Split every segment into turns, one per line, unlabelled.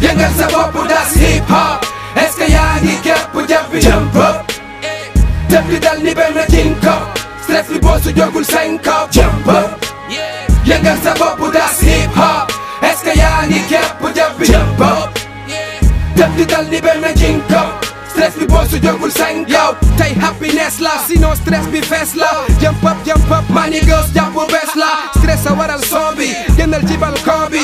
yëngal sa bopp das hip hop est-ce que yaa ngi képp jàpp jump up dal ni benn king cup stress li boo su jógul cinq cup jump up dal ni benn king cup stress bi boo su jógul sañ yow tey happiness la sinon stress bi fees la jump up jump up mani girls jàpp la stress a waral son bi génnal ci balcon bi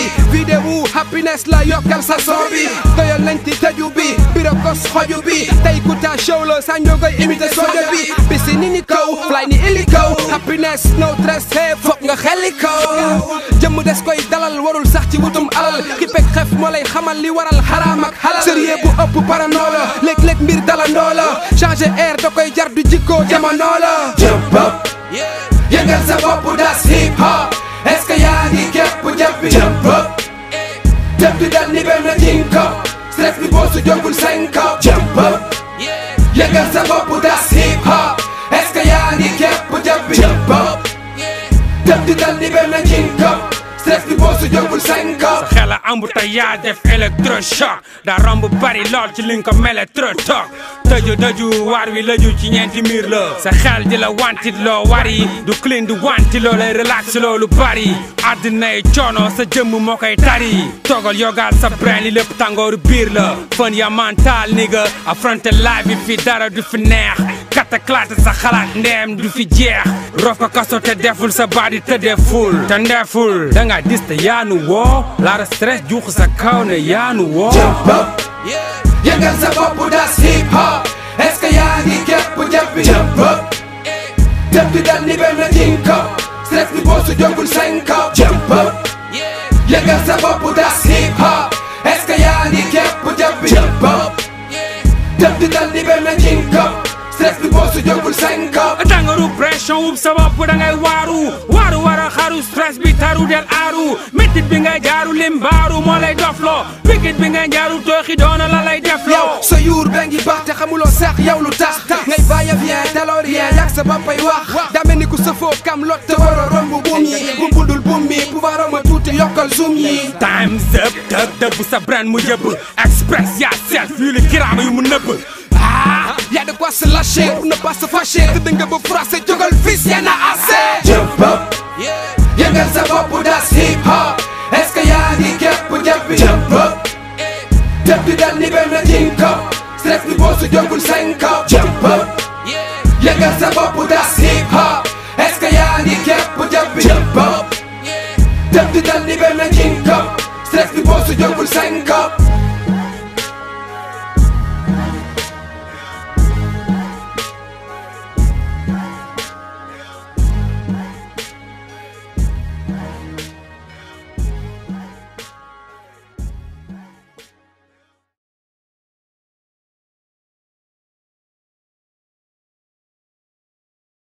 happiness la yok yal sobi soo bi doyal nañ ci tëju bi birokos xoju bi tey show la sañ ñoo koy imité soja bi bisi ni ni kaw fly ni ili happiness no stress hey fuck nga xeli kaw jëmm des koy dalal warul sax ci wutum alal ki peg xef moo lay xamal li waral xaraam ak xalal sérieux bu ëpp paranoo la léeg-léeg mbir dalandoo air da koy jar du jikkoo jump up yëngal sa jógul cinq jump up yëgal sa bopp das hip hop est-ce que yaa ngi képp
jump up jump to the di dal ni benn cup stress bi boo su jógul cinq ans sa xel a embouteillage def électrochoc daa romb bari lool ci li nga ko mel électrochoc tëju ci ñeenti miir la sa xel di la wantit loo wari du clean du wanti loo lay relax loolu bari àddina yi coono sa jëmm moo tari toogal yogaal sa brain li lépp tàngooru biir la fën ya mental ni nga affronté live fi dara du fi neex kataklaate sa xalaat ndeem du fi jeex rofa kaso te deful sa body te deful te deful da nga dis te yaanu woo laara stress juk sa kao ne yaanu wo jump up gan sa popu das hip hop est-ce que yaa ngi képp jëppi jump up Jump to dal
ni benn jinko stress ni boosu jógul senko jump up gan sa popu das hip hop est-ce que yaa ngi képp jëppi jump up
Jump to dal ni benn jinko stress ni boosu jógul senko du pression wub sabab da ngay waaru waaru war a xaru bi taru del aaru métit bi nga jaaru limbaaru moo lay dofloo wikit bi nga jaaru tooxi doona la lay defloo sa yuur ba ngi baax
te xamuloo sax yow lu tax ngay bàyyi bien daloo rien yàgg sa bampay wax daa mel ni
ku sa foof kam lot te waroo romb buum yi bu bundul buum mi pouvoir ma tuuti yokkal zoom yi time's up tëb tëb sa brand mu yëbb express yaa self yu li kiraama yu mu nëbb se lâcher, pour ne pas se fâcher te dinga bu français jógal fils yéen
a assez jëf ba yëngal sa bopp das hip hop est-ce que yaa ngi képp jëf bi jëf ba jëf di dal ni benn jinko stress ni boo su jógul senko jëf ba yëngal sa bopp das hip hop est-ce que yaa ngi képp jëf bi jëf ba jëf di dal ni jinko stress ni boo su jógul senko